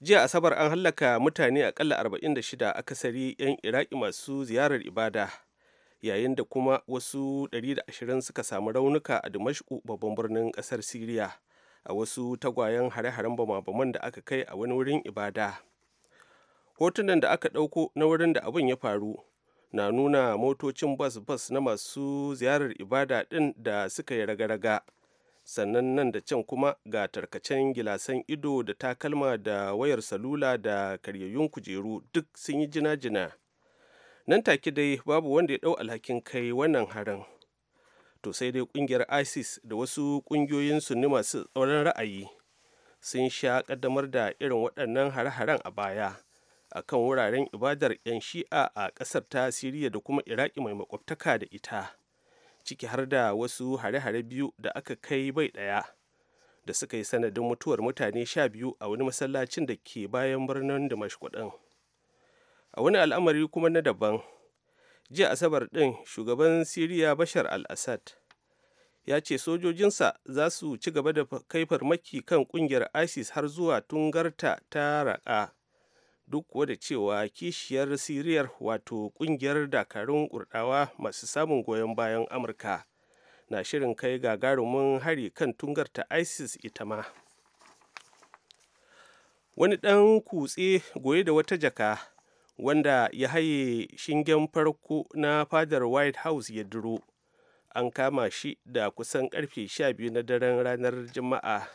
jiya asabar an hallaka mutane akalla 46 akasari 'yan iraki masu ziyarar ibada yayin da kuma wasu 120 suka samu raunuka a dimashku babban birnin kasar siriya a wasu tagwayen hare-haren bama-baman da aka kai a wani wurin ibada hotunan da aka ɗauko na wurin da abin ya faru na nuna motocin bas-bas na masu ziyarar ibada ɗin da suka yi raga-raga sannan nan da can kuma ga tarkacen gilasan ido da takalma da wayar salula da karyayyun kujeru duk sun yi jina-jina nan take dai babu wanda ya ɗau alhakin kai wannan harin to sai dai kungiyar isis da wasu kungiyoyin sunni masu tsauran ra'ayi sun sha kaddamar da irin waɗannan har haren a baya a kan wuraren ibadar 'yan shi'a a ƙasar ta siriya da kuma iraki mai makwabtaka da ita ciki har da wasu hare-hare biyu da aka kai bai ɗaya da suka yi sanadin mutuwar mutane sha biyu a wani masallacin da ke bayan birnin Dimashq ɗin. A wani al'amari kuma na daban, jiya Asabar ɗin shugaban Siriya Bashar al-Assad ya ce sojojinsa za su ci gaba da kai farmaki kan kungiyar ISIS har zuwa tungarta ta raƙa. duk kuwa da cewa kishiyar siriyar wato kungiyar dakarun kurdawa masu samun goyon bayan amurka na shirin kai gagarumin hari kan tungar ta isis ita ma wani ɗan kutse goye da wata jaka wanda ya haye shingen farko na fadar white house ya duro an kama shi da kusan karfe 12 na daren ranar juma'a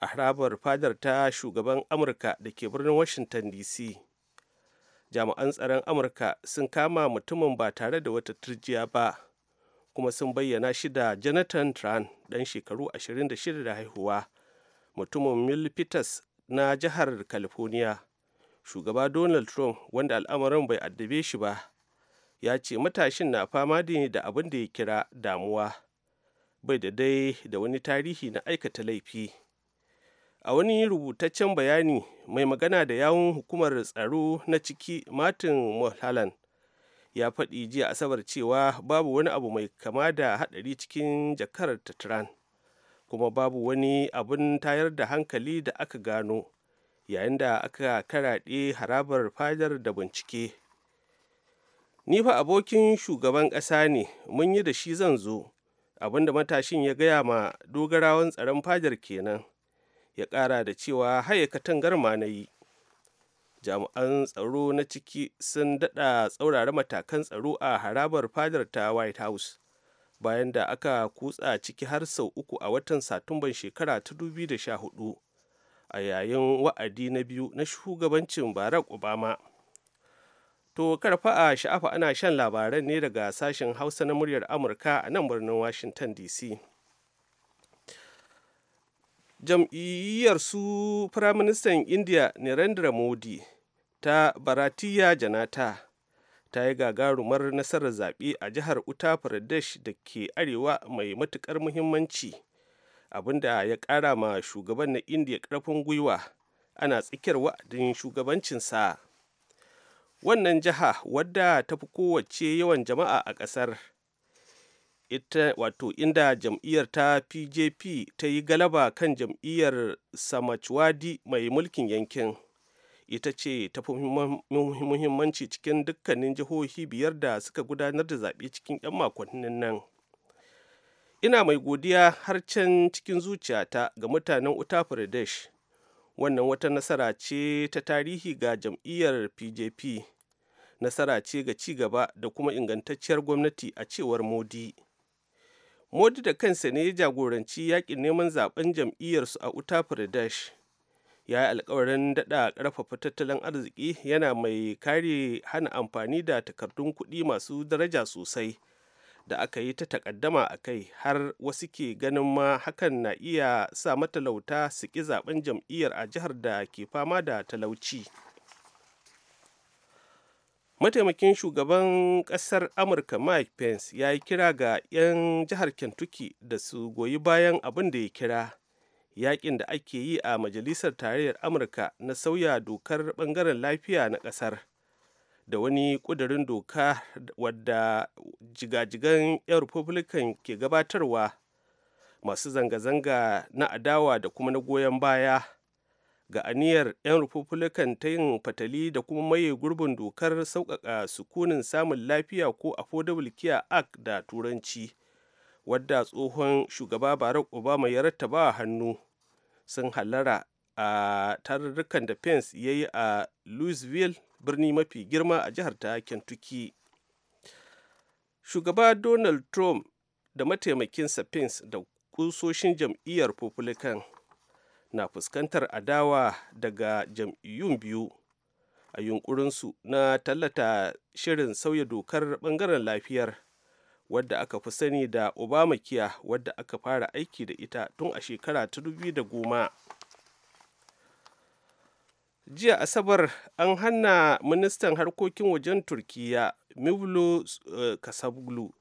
a harabar fadar ta shugaban amurka da ke birnin washington dc jami'an tsaron amurka sun kama mutumin ba tare da wata turjiya ba kuma sun bayyana shi da jonathan tran dan shekaru 26 da haihuwa mutumin mil peters na jihar california shugaba donald trump wanda al'amarin bai addabe shi ba ya ce matashin na fama ne da abin da ya kira damuwa bai da dai da wani tarihi na aikata laifi a wani rubutaccen bayani mai magana da yawun hukumar tsaro na ciki martin mulholland ya faɗi jiya asabar cewa babu wani abu mai kama da haɗari cikin jakar tatran kuma babu wani abun tayar da hankali da aka gano yayin da aka karaɗe harabar fadar da bincike ni fa abokin shugaban ƙasa ne mun yi da shi zan zo abinda matashin ya gaya ma dogarawan tsaron fajar kenan ya ƙara da cewa haye katangar ma na yi jami'an tsaro na ciki sun daɗa tsaurara matakan tsaro a harabar fadar ta white house bayan da aka kutsa ciki har sau uku a watan satumban shekara ta 2014 a yayin wa'adi na biyu na shugabancin barack obama to karfa a sha'afa ana shan labaran ne daga sashen hausa na muryar amurka a nan birnin washington dc jam'iyyar su firaministan india narendra modi ta baratiya janata ta yi gagarumar nasarar zaɓe a jihar uttar pradesh da ke arewa mai matuƙar muhimmanci abinda ya ƙara ma shugaban na Indiya ƙarfin gwiwa ana tsakiyar wa'adin shugabancinsa wannan jiha wadda ta fi kowace yawan jama'a a ƙasar ita wato inda jam'iyyar ta pjp ta yi galaba kan jam'iyyar samachwadi mai mulkin yankin ita ce ta fi muhimmanci cikin dukkanin jihohi biyar da suka gudanar da zaɓe cikin 'yan makonnin nan ina mai godiya har can cikin zuciyata ga mutanen uttar pradesh wannan wata nasara ce ta tarihi ga jam'iyyar pjp nasara ce ga ci gaba da kuma ingantacciyar gwamnati a cewar modi modi da kansa ne ya jagoranci yakin neman zaben jam'iyyarsu a uttar pradesh ya yi alkawarin daɗa ƙarfafa tattalin arziki yana mai kare hana amfani da takardun kuɗi masu daraja sosai da aka yi ta takaddama a kai har wasu ke ganin ma hakan na iya sa matalauta su ƙi zaben jam'iyyar a jihar da ke fama da talauci mataimakin shugaban kasar amurka mike pence ya yi kira ga 'yan jihar kentucky da su goyi bayan abin da ya kira yaƙin da ake yi a majalisar tarayyar amurka na sauya dokar ɓangaren lafiya na ƙasar da wani ƙudurin doka wadda jigajigan 'yan republican ke gabatarwa masu zanga-zanga na adawa da kuma na goyon baya ga aniyar 'yan republican ta yin fatali da kuma maye gurbin dokar sauƙaƙa sukunin samun lafiya ko affordable care act da turanci wadda tsohon shugaba barack obama ya rattaba hannu sun halara a tarurrukan da pence ya yi a louisville birni mafi girma a jihar ta kentucky shugaba donald trump da mataimakinsa pence da kusoshin jam'iyyar republican na fuskantar adawa daga jam'iyyun biyu a yunkurinsu na tallata shirin sauya dokar bangaren lafiyar wadda aka fi sani da obamakiya wadda aka fara aiki da ita tun a shekara ta da goma jiya asabar an hana ministan harkokin wajen turkiya mivlo eh, kasablu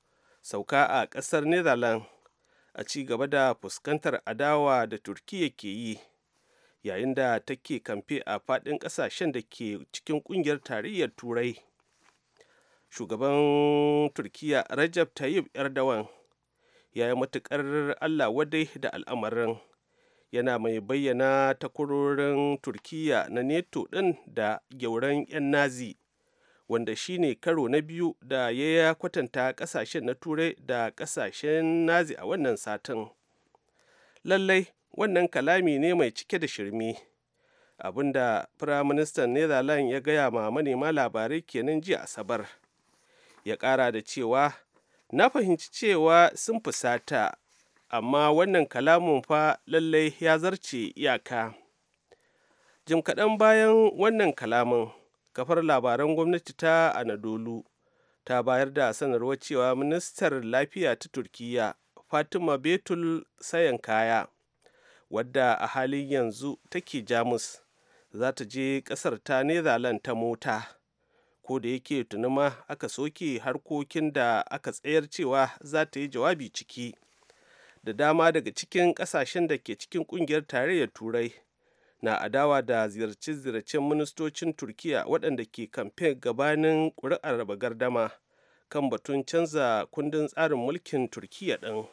sauka a kasar netherlands a ci gaba da fuskantar adawa da turkiya ke yi yayin da take kamfe a faɗin ƙasashen da ke cikin ƙungiyar tarayyar turai shugaban turkiya rajab tayyip erdogan ya yi matuƙar allah wadai da al'amarin yana mai bayyana takwarorin turkiya na neto ɗin da gyauran 'yan nazi wanda shine karo na biyu da ya kwatanta kasashen na turai da kasashen nazi a wannan satin lallai wannan kalami ne mai cike da shirmi abinda firaministan netherlands ya gaya ma manema labarai kenan jiya asabar ya kara da cewa na fahimci cewa sun fusata amma wannan kalamun fa lallai ya zarce iyaka jim kaɗan bayan wannan kalamin kafar labaran gwamnati ta anadolu ta bayar da sanarwar cewa ministar lafiya ta turkiya fatima betul sayan kaya wadda a halin yanzu take jamus za ta je kasar ta netherland ta mota ko da yake tunuma aka soke harkokin da aka tsayar cewa za ta yi jawabi ciki da dama daga cikin kasashen da ke cikin kungiyar tarayyar turai na adawa da ziyarce-ziyarcen ministocin turkiya waɗanda ke kamfe gabanin ƙuri'ar raba gardama kan batun canza kundin tsarin mulkin turkiya ɗin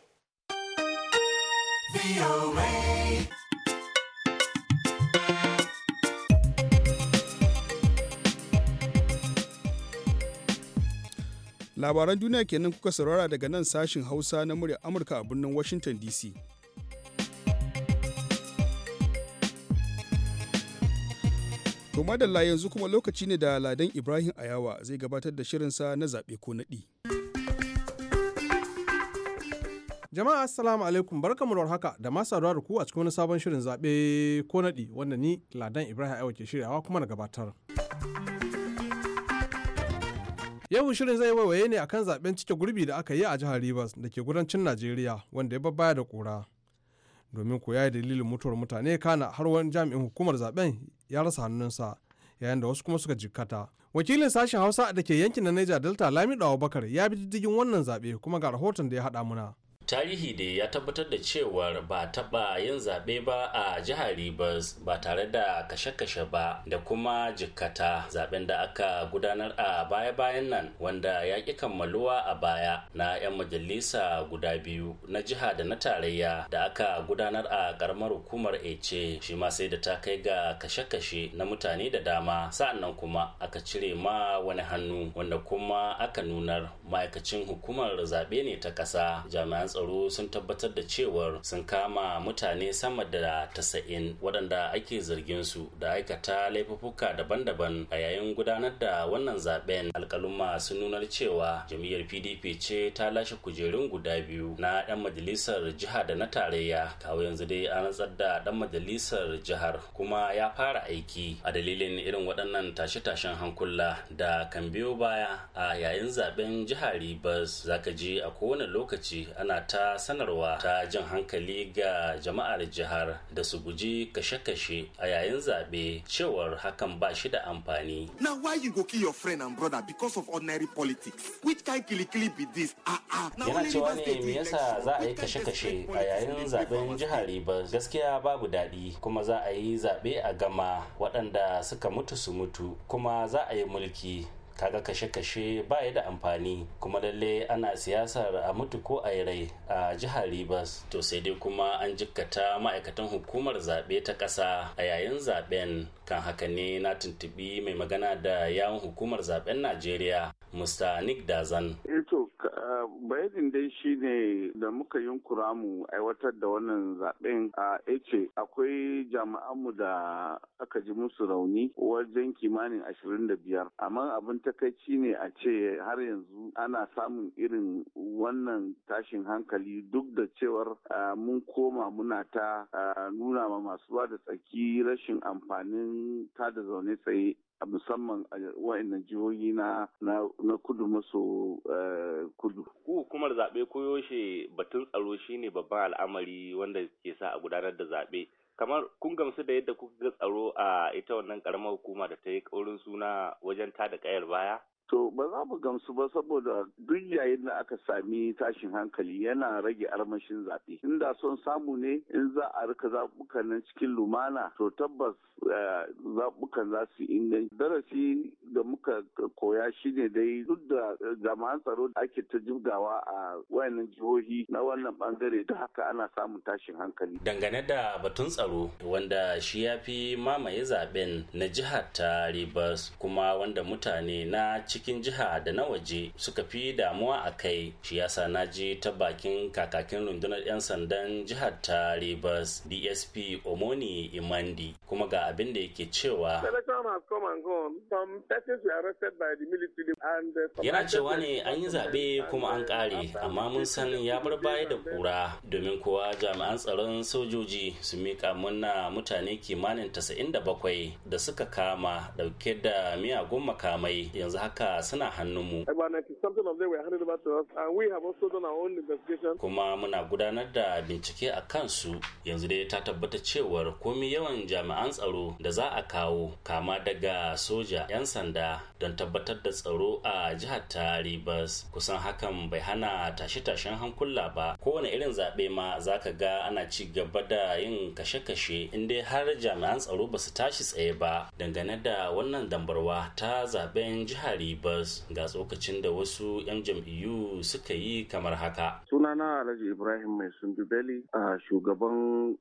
labaran duniya kenan kuka saurara daga nan sashin hausa na murya amurka a birnin washington dc To madalla yanzu kuma lokaci ne da Ladan Ibrahim Ayawa zai gabatar da shirinsa na zabe ko naɗi. Jama'a assalamu alaikum barkamu da haka da masu ku a cikin wani sabon shirin zabe ko naɗi wanda ni Ladan Ibrahim Ayawa ke shiryawa kuma na gabatar. Yau shirin zai waiwaye ne akan zaben cike gurbi da aka yi a jihar Rivers da ke gudancin Najeriya wanda ya babbaya da kura. Domin koya yayi dalilin mutuwar mutane kana har wani jami'in hukumar zaben ya rasa hannunsa yayin da wasu kuma suka jikkata wakilin sashen hausa da ke yankin na niger delta lamido abubakar ya bi diddigin wannan zaɓe kuma ga rahoton da ya haɗa muna tarihi da ya tabbatar da cewar ba taɓa yin zaɓe ba a jihar Ribas ba tare da kashe-kashe ba da kuma jikkata zaɓen da aka gudanar a baya-bayan nan wanda ya ƙi kammaluwa a baya na 'yan majalisa guda biyu na jiha da na tarayya da aka gudanar a ƙaramar hukumar ece shi ma sai da ta kai ga kashe-kashe na mutane da dama sa'annan kuma aka cire ma wani hannu wanda kuma aka nunar ma'aikacin hukumar zaɓe ne ta ƙasa jami'an tsaro sun tabbatar da cewar sun kama mutane sama da tasa'in waɗanda ake zargin su da aikata laifuffuka daban-daban a yayin gudanar da wannan zaben alkaluma sun nunar cewa jam'iyyar pdp ce ta lashe kujerun guda biyu na 'yan majalisar jiha da na tarayya kawo yanzu dai an rantsar da ɗan majalisar jihar kuma ya fara aiki a dalilin irin waɗannan tashe-tashen hankula da kan biyo baya a yayin zaben jihar ribas zaka je a kowane lokaci ana ta sanarwa ta jin hankali ga jama'ar jihar da su guji kashe-kashe a yayin zaɓe cewar hakan ba shi da amfani. Now why you go kill your friend and brother because of ordinary politics? Which kind kilikili be this? Ah, ah. Yana cewa ne me yasa za a yi kashe-kashe a yayin zaɓen jihar Rivers gaskiya babu daɗi kuma za a yi zaɓe a gama waɗanda suka mutu su mutu kuma za a yi mulki kaga kashe-kashe ba ya da amfani kuma lalle ana siyasar a mutu ko a rai a jihar ribas to sai dai kuma an jikkata ma'aikatan hukumar zaɓe ta ƙasa a yayin zaɓen kan haka ne na tuntubi mai magana da yawon hukumar zaɓen najeriya musta nick dazan eh bayanin dai shi ne da muka yunkura mu aiwatar da wannan zaɓen. a ece eh akwai jami'anmu da aka ji musu rauni wajen kimanin 25 amma abin takaici ne a ce har yanzu ana samun irin wannan tashin hankali duk da cewar mun koma muna ta nuna ma masu ba da tsaki rashin amfanin ta da zaune tsaye a musamman a wa'annan jihohi na na kudu maso kudu. Ku hukumar zaɓe koyaushe batun tsaro shine babban al'amari wanda ke sa a gudanar da zaɓe. kamar kun gamsu da yadda kuka ga tsaro a ita wannan ƙaramar hukuma da ta yi kaurin suna wajen tada kayar baya To ba za mu gamsu ba saboda duk yayin da aka sami tashin hankali yana rage armashin zaɓe. In da son samu ne in za a rika zaɓukan nan cikin lumana to tabbas eh, zaɓukan za su inganci. Darasi da muka koya shi ne dai duk da jama'an tsaro da ake ta jibgawa a wayannan jihohi na wannan bangare da haka ana samun tashin hankali. Dangane da batun tsaro wanda shi ya fi mamaye zaɓen na jihar ta Rivers kuma wanda mutane na cikin cikin jiha da na waje suka fi damuwa a kai shi yasa na je ta bakin kakakin rundunar 'yan sandan jihar ta Rivers DSP Omoni Imandi kuma ga abin da yake cewa yana cewa ne an yi zaɓe kuma an ƙare amma mun san ya bar baya da kura domin kuwa jami'an tsaron sojoji su miƙa muna mutane kimanin 97 da suka kama dauke da miyagun makamai yanzu haka suna hannun mu. Kuma muna gudanar da bincike a kansu yanzu dai ta tabbata cewar komi yawan jami'an tsaro da za a kawo kama daga soja 'yan sanda don tabbatar da tsaro a jihar ta Rivers kusan hakan bai hana tashe-tashen hankula ba kowane irin zaɓe ma za ka ga ana ci gaba da yin kashe-kashe inda har jami'an tsaro ba su tashi tsaye ba dangane da wannan dambarwa ta zaben jihar ribas ga tsokacin da wasu 'yan jam'iyyu suka yi kamar haka. Sunana Alhaji Ibrahim Mai Sundubeli a shugaban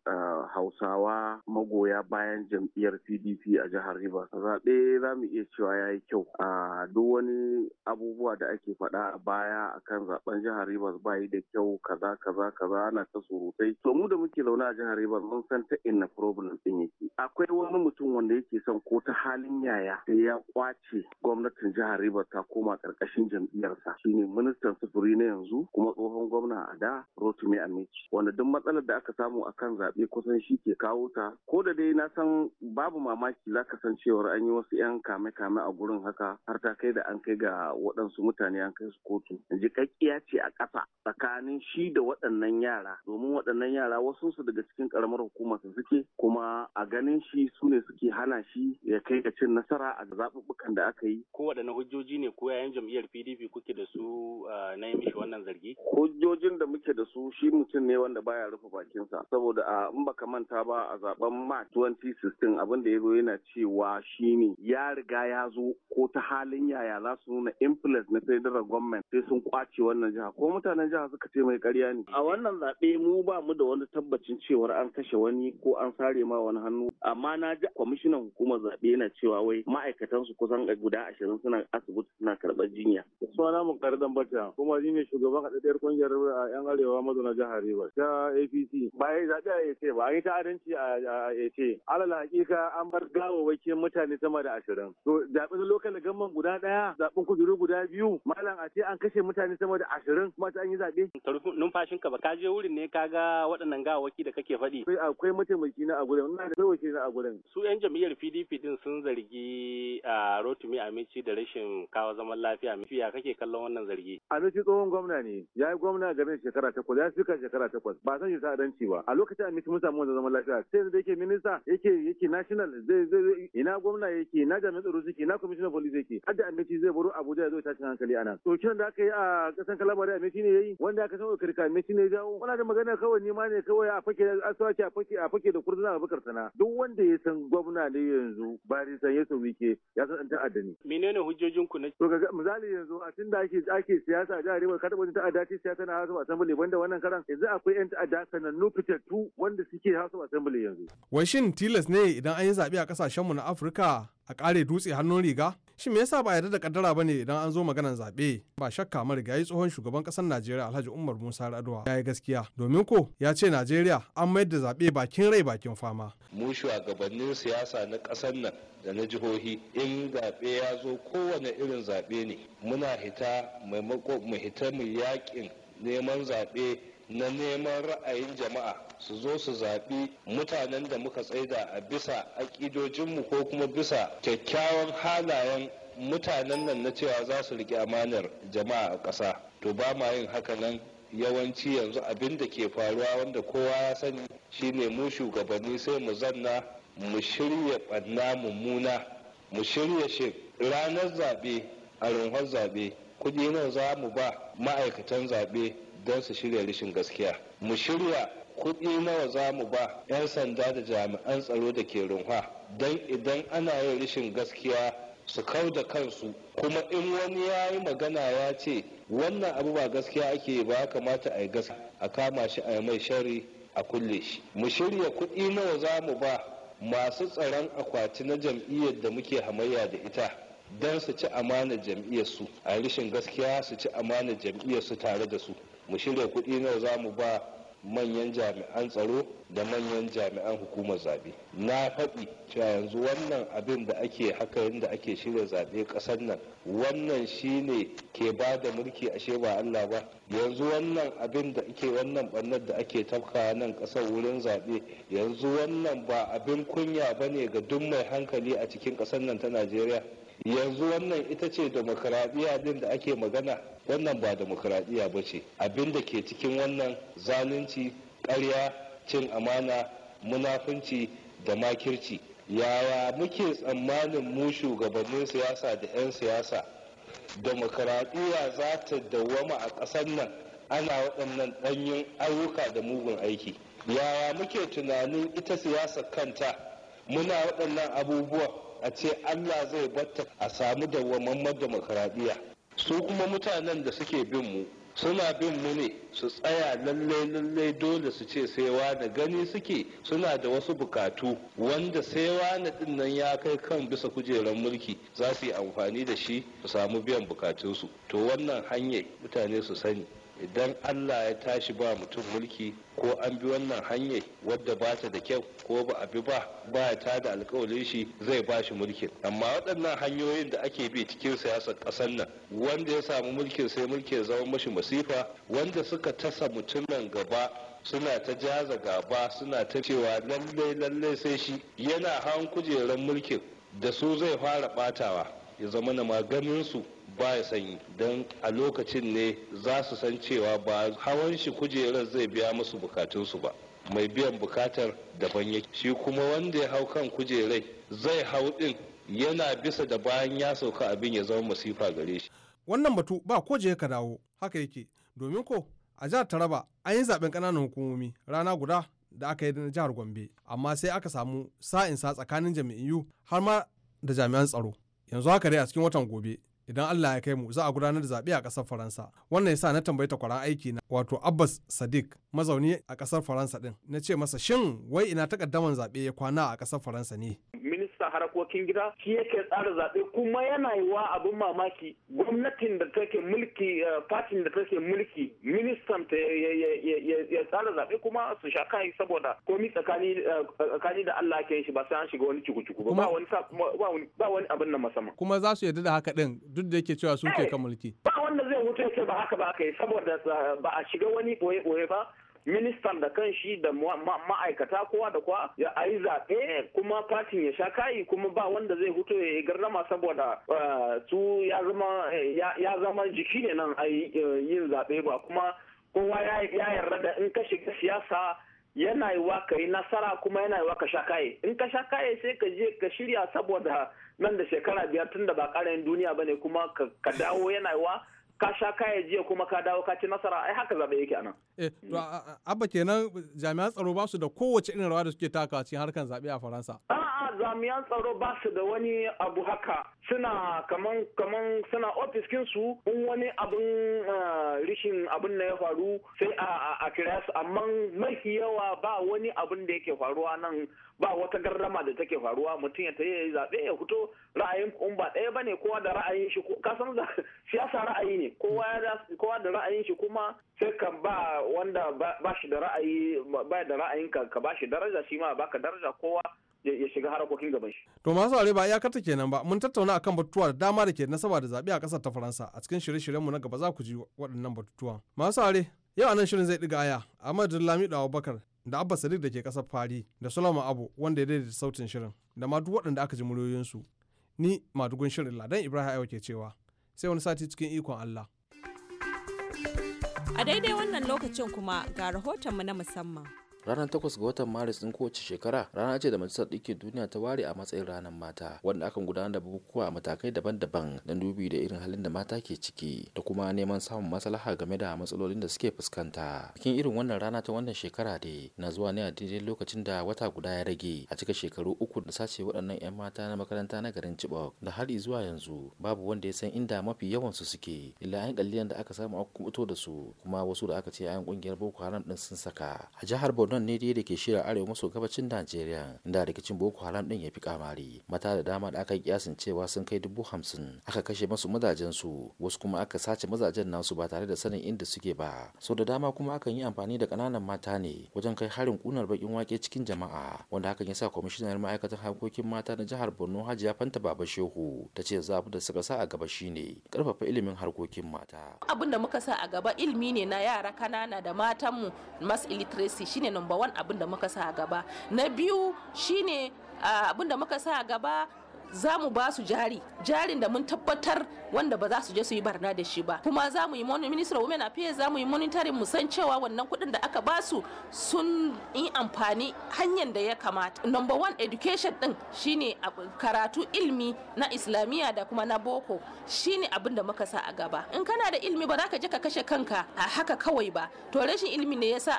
Hausawa magoya bayan jam'iyyar PDP a jihar Rivers. Zaɓe za mu iya cewa ya yi kyau. A duk wani abubuwa da ake faɗa a baya a kan zaɓen jihar Rivers ba yi da kyau kaza kaza kaza ana ta surutai. To mu da muke zaune a jihar Rivers mun san ta inna problem ɗin yake. Akwai wani mutum wanda yake son ko ta halin yaya sai ya kwace gwamnatin jihar River ta koma karkashin jam'iyyarsa shine ministan sufuri na yanzu kuma tsohon gwamna a da Rotimi Amici wanda duk matsalar da aka samu akan zaɓe kusan shi ke kawo ta ko da dai na san babu mamaki za ka san cewar an yi wasu 'yan kame-kame a gurin haka har ta kai da an kai ga waɗansu mutane an kai su kotu jikakkiya ce a ƙasa tsakanin shi da waɗannan yara domin waɗannan yara wasu su daga cikin ƙaramar hukumar su suke kuma a ganin shi su ne suke hana shi ya kai ga cin nasara a zaɓuɓɓukan da aka yi ko waɗannan hujjoji ne ko yayan jam'iyyar PDP kuke da su na yi mishi wannan zargi? Hujjojin da muke da su shi mutum ne wanda baya rufe bakinsa saboda a in baka manta ba a zaben March 2016 abin da ya zo yana cewa shi ne ya riga ya zo ko ta halin yaya za su nuna influence na federal government sai sun kwace wannan jiha ko mutanen jiha suka ce mai karya ne. A wannan zaɓe mu ba mu da wani tabbacin cewar an kashe wani ko an sare ma wani hannu amma na ji kwamishinan hukumar zaɓe yana cewa wai ma'aikatan su kusan guda ashirin suna asibiti suna karɓar jinya. Suna mu kardan bata kuma ni ne shugaban haɗaɗɗiyar ƙungiyar yan ah, arewa mazauna jihar Rivers ta APC. Ba ya zaɓe a yace ba a yi ta'adanci a yace. Alal hakika an bar gawawwakin mutane sama da ashirin. To zaɓen lokal gamman guda ɗaya zaɓen kujeru guda biyu malam a ce an kashe mutane sama da ashirin kuma ta an yi zaɓe. Ka Numfashinka ba ka je wurin ne ka ga waɗannan gawawwaki da kake faɗi. Akwai mataimaki na a gurin ina da mataimaki na a gurin. Su 'yan jam'iyyar PDP din sun zargi a ah, Rotimi Amici da rashin kawo zaman lafiya mafiya kake kallon wannan zargi a shi tsohon gwamna ne ya yi gwamna game da shekara takwas ya fika shekara takwas ba san shi sa'adanci ba a lokacin a mun samu wanda zaman lafiya sai da yake minista yake yake national zai zai ina gwamna yake ina jami'an tsaro suke ina commissioner police yake har da aminci zai baro abuja ya zo tashin hankali ana. to kiran da aka yi a kasan kalabari aminci ne yayi wanda aka san a aminci ne jawo wannan da magana kawai ni ma ne kawai a fake sauke a fake a fake da kurzuna abubakar sana duk wanda ya san gwamna ne yanzu bari san ya so ya san dan ta'adda ne menene hujjoji ku na misali yanzu a tun ake ake siyasa a jihar ka taɓa ta adati siyasa na House of Assembly banda wannan karan yanzu akwai yan ta'adda sanannu fitattu wanda suke House of Assembly yanzu. Wai shin tilas ne idan an yi zaɓe a ƙasashenmu na Afirka a ƙare dutse hannun riga? shi me yasa ba yarda da kaddara bane idan an zo maganar zaɓe ba shakka yi tsohon shugaban ƙasar najeriya alhaji umar musa raduwa ya yi gaskiya domin ko ya ce najeriya an mayar da zaɓe bakin rai bakin fama mu shugabannin siyasa na kasar nan da na jihohi in zaɓe ya zo kowane irin zaɓe ne muna hita maimako mu hita mu yaƙin neman zaɓe na neman ra'ayin jama'a su zo su zaɓi mutanen da muka tsaida a bisa mu ko kuma bisa kyakkyawan halayen mutanen nan na cewa za su riƙe amanar jama'a a ƙasa to ba ma yin haka nan yawanci yanzu abin da ke faruwa wanda kowa ya sani shine mu shugabanni sai mu zanna mu shirya ɓanna mummuna mu shirya shi ranar zaɓe a runhon zaɓe kuɗi nan za mu ba ma'aikatan zaɓe don su shirya rashin gaskiya mu shirya kuɗi nawa za mu ba 'yan sanda da jami'an tsaro da ke runwa don idan ana yin rashin gaskiya su kau da kansu kuma in wani ya yi magana ya ce wannan abu ba gaskiya ake ba kamata a yi gaskiya a kama shi a mai shari a kulle shi mu shirya kuɗi nawa za mu ba masu tsaron akwati na jam'iyyar da muke hamayya da ita don su ci amana jam'iyyar su a rashin gaskiya su ci amana jam'iyyar su tare da su mu shirya kuɗi nawa za mu ba manyan jami'an tsaro da manyan jami'an hukumar zaɓe na faɗi cewa yanzu wannan abin da ake haka yadda ake shirya zaɓe ƙasar nan wannan shine ke ba da mulki ashe ba Allah ba yanzu wannan abin da ake wannan ɓannar da ake tafka nan ƙasar wurin zaɓe yanzu wannan ba abin kunya ba ne ga duk mai hankali a cikin ƙasar nan ta Najeriya yanzu wannan ita ce demokuraɗiyya din da ake magana wannan ba demokuraɗiyya ba ce abin da ke cikin wannan zalunci ƙarya cin amana munafunci da makirci yaya muke tsammanin mu shugabannin siyasa da 'yan siyasa demokuraɗiyya za ta dawwama a ƙasar nan ana waɗannan ɗanyen ayyuka da mugun aiki yaya muke tunanin ita siyasa kanta muna waɗannan abubuwan a ce Allah zai batta a samu dawwamammar demokaradiyya su kuma mutanen da suke bin mu suna bin mu ne su tsaya lallai lallai dole su ce sai da gani suke suna da wasu bukatu wanda sai wani din ya kai kan bisa kujerar mulki za su yi amfani da shi su samu biyan bukatunsu to wannan hanyar mutane su sani idan allah ya tashi ba mutum mulki ko an bi wannan hanyar wadda ba ta da kyau ko ba a bi ba ba ya tada alkawalin shi zai ba shi mulkin amma waɗannan hanyoyin da ake bi cikin siyasar ƙasar nan wanda ya samu mulkin sai mulki ya zama mashi masifa wanda suka tasa mutumin gaba suna ta jaza gaba suna ta cewa lalle lalle sai shi yana hawan kujerar mulkin da su zai fara batawa ya zama na maganinsu baya sanyi don a lokacin ne za su san cewa ba hawan shi kujerar zai biya musu bukatunsu ba mai biyan bukatar daban yake shi kuma wanda ya hau kan kujerai zai hau din yana bisa da bayan ya sauka abin ya zama masifa gare shi wannan batu ba ko je ka dawo haka yake domin ko a jihar taraba an yi zaben ƙananan hukumomi rana guda da aka yi na jihar gombe amma sai aka samu sa'insa tsakanin yu har ma da jami'an tsaro yanzu haka dai a cikin watan gobe idan Allah ya kai mu za a gudanar da zaɓe a ƙasar Faransa. Wannan yasa na tambayi takwaran aiki na wato Abbas Sadiq mazauni a ƙasar Faransa din. Na ce masa shin wai ina takaddaman zaɓe ya kwana a ƙasar Faransa ne? harkokin gida shi yake tsara zaɓe kuma yana yi wa abin mamaki gwamnatin da take mulki fatin eh, da take mulki ministan ta ya tsara zaɓe kuma su sha kai saboda komi tsakani eh, da Allah ke shi ba sai an shiga wani cuku-cuku ba ba wani abin nan musamman. Kuma za su yarda da haka din duk da yake cewa su ke kan mulki. Ba wanda zai wuce ke ba haka ba aka saboda eh, ba a shiga wani boye-boye ba ministan da kan shi da ma'aikata kowa da kowa ya a yi zaɓe kuma fatin ya sha kayi kuma ba wanda zai hutu ya garnama saboda eh, su eh, ya zama jiki ne nan a eh, yin zaɓe ba kuma kowa ya yarda da in ka shiga siyasa yana yi wa ka yi nasara kuma yana yi wa ka sha kaye in ka sha kaye sai ka je ka shirya saboda nan da shekara biyar tun da ba ƙarayin duniya ba ne kuma ka dawo yana yi wa ka sha kaya jiya kuma ka dawo ka ci nasara ai haka zaɓe yake anan eh abba kenan jami'an tsaro ba su da kowace irin rawa da suke taka cikin harkan zabe a Faransa jami'an tsaro ba su da wani abu haka suna kaman kaman suna ofis su in wani abin ah, rishin abin da ya faru sai a kira su amma mafi yawa ba wani abin da yake faruwa nan ba wata gardama da take faruwa mutum ya tayi zaɓe ya fito ra'ayin kun ba ɗaya bane kowa da ra'ayin shi ko ka san siyasa ra'ayi ne kowa da ra'ayin shi kuma sai ka ba wanda ba shi da ra'ayi ba da ra'ayin ka ka ba shi daraja shi ma baka daraja kowa ya shiga harakokin gaban shi. To masu aure ba iyakarta kenan ba mun tattauna akan batutuwa da dama da ke nasaba da zaɓe a ƙasar ta Faransa a cikin shirye-shiryenmu na gaba za ku ji waɗannan batutuwan. Masu aure yau nan shirin zai ɗiga aya Ahmad da Abubakar da Abba Sadiq da ke ƙasar Fari da Sulaiman Abu wanda ya daidaita sautin shirin da ma duk waɗanda aka ji su Ni madugun shirin Ladan Ibrahim Ayo ke cewa sai wani sati cikin ikon Allah. A daidai wannan lokacin kuma ga rahotonmu na musamman. ranar takwas ga watan maris din kowace shekara rana ce da majalisar ɗinkin duniya ta ware a matsayin ranar mata wanda akan gudanar da bukukuwa a matakai daban-daban don dubi da irin halin da mata ke ciki da kuma neman samun maslaha game da matsalolin da suke fuskanta bikin irin wannan rana ta wannan shekara dai na zuwa ne a daidai lokacin da wata guda ya rage a cika shekaru uku da sace waɗannan 'yan mata na makaranta na garin chibok da har zuwa yanzu babu wanda ya san inda mafi yawan su suke illa an kalliyan da aka samu a kubuto da su kuma wasu da aka ce an kungiyar boko haram din sun saka a jihar borno borno ne dai da ke shirya arewa maso gabacin najeriya inda rikicin boko haram din ya fi kamari mata da dama da aka kiyasin cewa sun kai dubu hamsin aka kashe masu mazajen su wasu kuma aka sace mazajen nasu ba tare da sanin inda suke ba sau da dama kuma akan yi amfani da kananan mata ne wajen kai harin kunar bakin wake cikin jama'a wanda hakan ya sa kwamishinar ma'aikatan harkokin mata na jihar borno hajiya fanta baba shehu ta ce zabu da suka sa a gaba shi ne. karfafa ilimin harkokin mata abin da muka sa a gaba ilimi ne na yara kanana da matanmu mass illiteracy shine number one abin da muka sa gaba na biyu shine ah, abin da muka sa gaba za mu ba su jari jarin da mun tabbatar wanda ba za su je su yi barna da shi ba kuma za mu yi minister of women affairs za mu yi monitoring mu san cewa wannan kuɗin da aka ba su sun yi amfani hanyar da ya kamata number one education din shine karatu ilmi na islamiyya da kuma na boko shine abin da muka sa a gaba in kana da ilmi ba za ka je ka kashe kanka a haka kawai ba to rashin ilmi ne yasa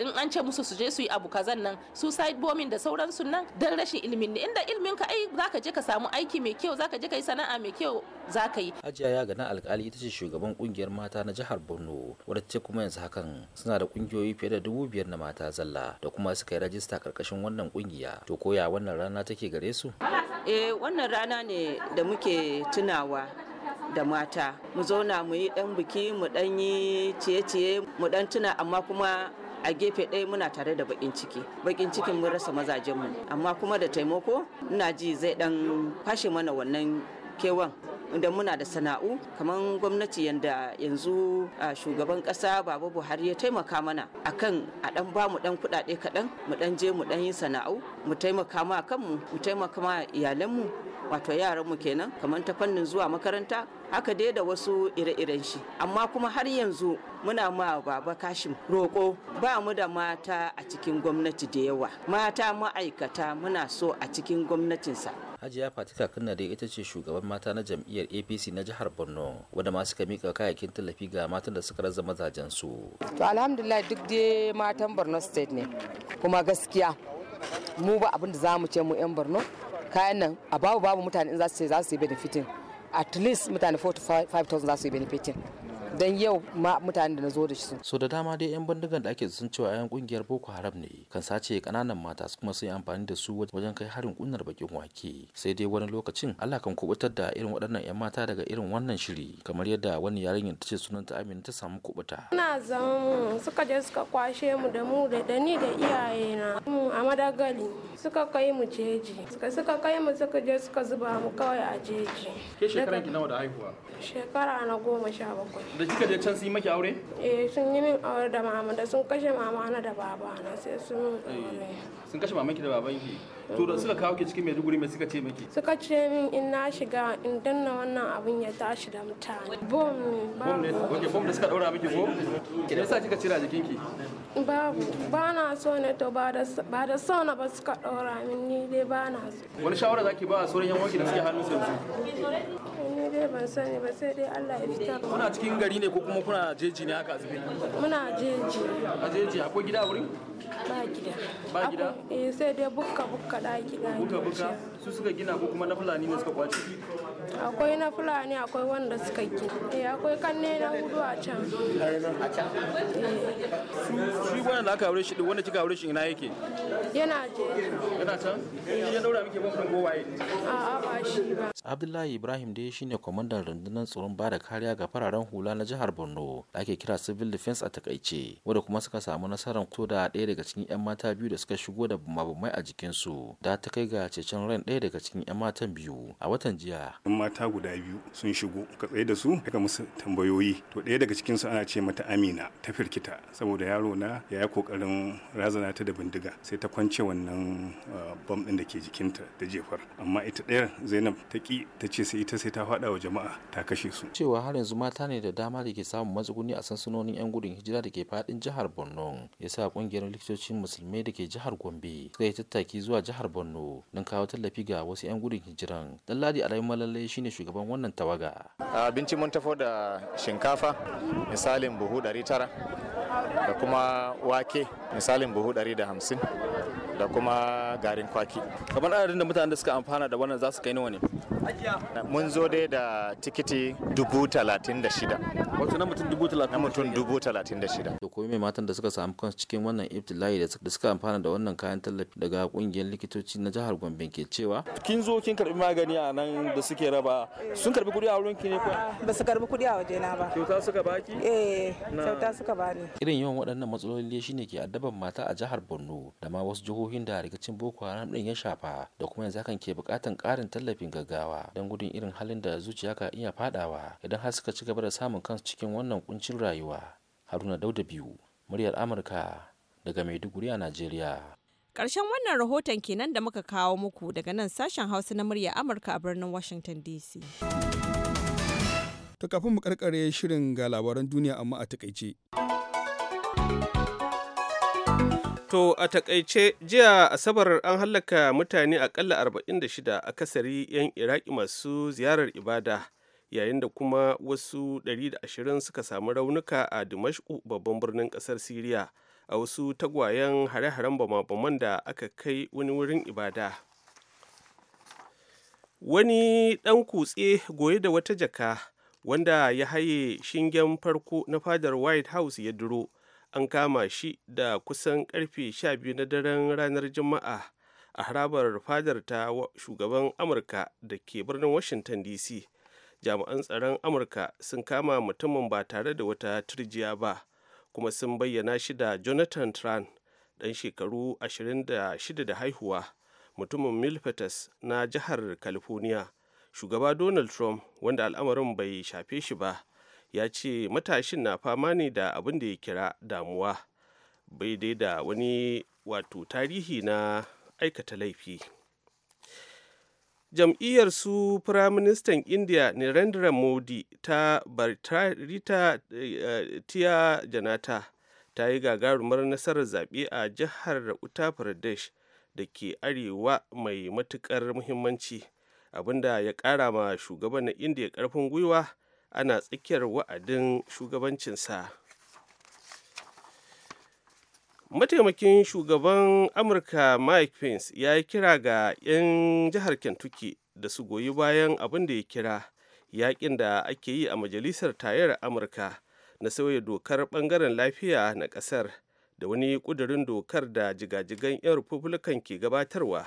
in an ce musu su je su yi abu kazan nan su bombing da sauransu nan dan rashin ilmin ne inda ilmin ka ai za ka je ka samu aiki mai kyau zaka je kai sana'a mai kyau zaka yi hajiya ya gana alkali ita ce shugaban kungiyar mata na jihar borno wadda ce kuma yanzu hakan suna da kungiyoyi fiye da dubu biyar na mata zalla da kuma suka yi rajista karkashin wannan kungiya to koya wannan rana take gare su eh wannan rana ne da muke tunawa da mata mu zauna mu yi dan biki mu dan yi ciye-ciye mu dan tuna amma kuma a gefe ɗaya muna tare da bakin ciki bakin cikin mun rasa mazajenmu amma kuma da taimako ina ji zai dan fashe mana wannan kewan inda muna da sana'u kamar gwamnati yanda yanzu shugaban kasa baba buhari ya taimaka mana akan a dan ba mu dan kudade kaɗan mu dan je mu dan yi sana'u mu taimaka ma kanmu mu taimaka ma iyalanmu wato yaranmu kenan kamar ta fannin zuwa makaranta haka dai da wasu ire-iren shi amma kuma har yanzu muna ma baba kashim roƙo ba mu da mata a cikin gwamnati da yawa mata ma'aikata muna so a cikin gwamnatinsa hajiya fatika kanna dai ita ce shugaban mata na jam'iyyar apc na jihar borno wanda ma suka mika kayayyakin tallafi ga matan da suka raza mazajen su to alhamdulillah duk dai matan borno state ne kuma gaskiya mu ba abin da za mu ce mu 'yan borno kayan nan a babu babu mutane in za su ce za su yi benefitin at least mutane five thousand za su yi benefitin don yau ma mutanen da na zo da shi so da dama dai yan bindigan da ake sun cewa yan kungiyar boko haram ne kan sace kananan mata su kuma sun yi amfani da su wajen kai harin kunnar bakin wake sai dai wani lokacin Allah kan kubutar da irin waɗannan yan mata daga irin wannan shiri kamar yadda wani yarinyar ta ce sunan ta Amina ta samu kubuta ina zama suka je suka kwashe mu da mu da dani da iyayena a madagali suka kai mu jeji suka suka kai mu suka je suka zuba mu kawai a jeji ke shekaran ki nawa da haihuwa shekara na goma sha bakwai da kika je can sun yi maki aure eh sun yi min aure da mama da sun kashe mama na da baba na sai sun eh, sun kashe mamanki da babanki to da suka kawo ki cikin Maiduguri me suka ce miki suka ce min in na shiga in danna wannan abun ya tashi da mutane bom bom ne okay bom da suka daura miki ko me sa kika cira jikinki babu ba na so ne to ba da so na ba suka daura min ni dai ba na so wani shawara zaki ba a sauran yan wanki da suke hannun su ni dai ban sani ba sai dai Allah ya fitar kuna cikin gari ne ko kuma kuna jeji ne haka azumi muna jeji a jeji akwai gida wurin ba gida ba gida eh sai dai bukka bukka da gida bukka bukka su suka gina ko kuma na fulani ne suka kwace akwai na fulani akwai wanda suka gina eh akwai kanne na hudu a can a can eh. shi da aka aure shi wanda kika aure shi ina yake yana je yana can shi ya daura miki a'a ba shi ba Abdullahi Ibrahim dai shine kwamandan rundunar tsaron bada kariya ga fararen hula na jihar Borno da ake kira Civil Defense a takaice, wanda kuma suka samu nasarar ko da ɗaya daga cikin 'yan mata biyu da suka shigo da mabumai a jikinsu da ta kai ga cecen ran ɗaya daga cikin 'yan matan biyu a watan jiya. 'Yan mata guda biyu sun shigo, ka tsaye da su, aka musu tambayoyi, to ɗaya daga cikin su ana ce mata Amina ta firkita saboda yaro na ya yi kokarin razana ta da bindiga sai ta kwance wannan eh, bam ɗin da ke jikinta da jefar, amma ita ɗaya Zainab ta ki baki ta ce sai ita sai ta faɗa wa jama'a ta kashe su cewa har yanzu mata ne da dama da ke samun matsuguni a sansanonin yan gudun hijira da ke faɗin jihar borno ya sa ƙungiyar likitocin musulmai da ke jihar gombe suka yi tattaki zuwa jihar borno don kawo tallafi ga wasu yan gudun hijiran dalladi alayi malalle ne shugaban wannan tawaga abinci mun tafo da shinkafa misalin buhu 900 da kuma wake misalin buhu ɗari da hamsin. da kuma garin kwaki kamar adadin da mutanen da suka amfana da wannan za su kai nawa ne mun zo dai da tikiti dubu talatin da shida wato na mutum dubu talatin na mutum dubu talatin da shida to komai mai matan da suka samu kansu cikin wannan iftilayi da suka amfana da wannan kayan tallafi daga kungiyar likitoci na jihar gombe ke cewa kin zo kin karbi magani a nan da suke raba sun karbi kuɗi a wurin ki ne ko ba su karbi kuɗi a waje na ba kyauta suka baki eh kyauta suka bani irin yawan waɗannan matsaloli shine ke addaban mata a jihar Borno da ma wasu jihohi jihohin da rikicin boko haram din ya shafa da kuma yanzu hakan ke bukatan karin tallafin gaggawa don gudun irin halin da zuciya ka iya fadawa idan har suka ci gaba da samun kansu cikin wannan kuncin rayuwa haruna dauda biyu muryar amurka daga maiduguri a nigeria. Ƙarshen wannan rahoton kenan da muka kawo muku daga nan sashen Hausa na murya Amurka a birnin Washington DC. To kafin mu karkare shirin ga labaran duniya amma a takaice. To a takaice jiya Asabar an hallaka mutane akalla 46 a kasari 'yan Iraki masu ziyarar ibada yayin da kuma wasu 120 suka samu raunuka a Dimashku babban birnin kasar Siriya a wasu tagwayen hare-haren bama-baman da aka kai wani wurin ibada. Wani ɗan kutse goye da wata jaka wanda ya haye shingen farko na fadar White House ya duro. an kama shi da kusan karfe 12 na daren ranar juma'a a harabar fadar ta shugaban amurka da ke birnin washington dc jami'an tsaron amurka sun kama mutumin ba tare da wata turjiya ba kuma sun bayyana shi da jonathan tran dan shekaru 26 da haihuwa mutumin milpitas na jihar california shugaba donald trump wanda al'amarin bai shafe shi ba ya ce matashin na fama ne da abin da ya kira damuwa bai dai da wani wato tarihi na aikata laifi jam'iyyar su firaministan india narendra modi ta bartarita eh, tiya janata ta yi gagarumar nasarar zaɓe a jihar uttar pradesh da ke arewa mai matuƙar muhimmanci abinda ya ƙara ma shugaban na indiya ƙarfin gwiwa ana tsakiyar wa'adin shugabancinsa mataimakin shugaban amurka mike pence ya yi kira ga 'yan jihar kentucky da su goyi bayan abin da ya kira yakin da ake yi a majalisar tayar amurka na sauya dokar bangaren lafiya na kasar da wani kudurin dokar da jigajigan 'yan republican ke gabatarwa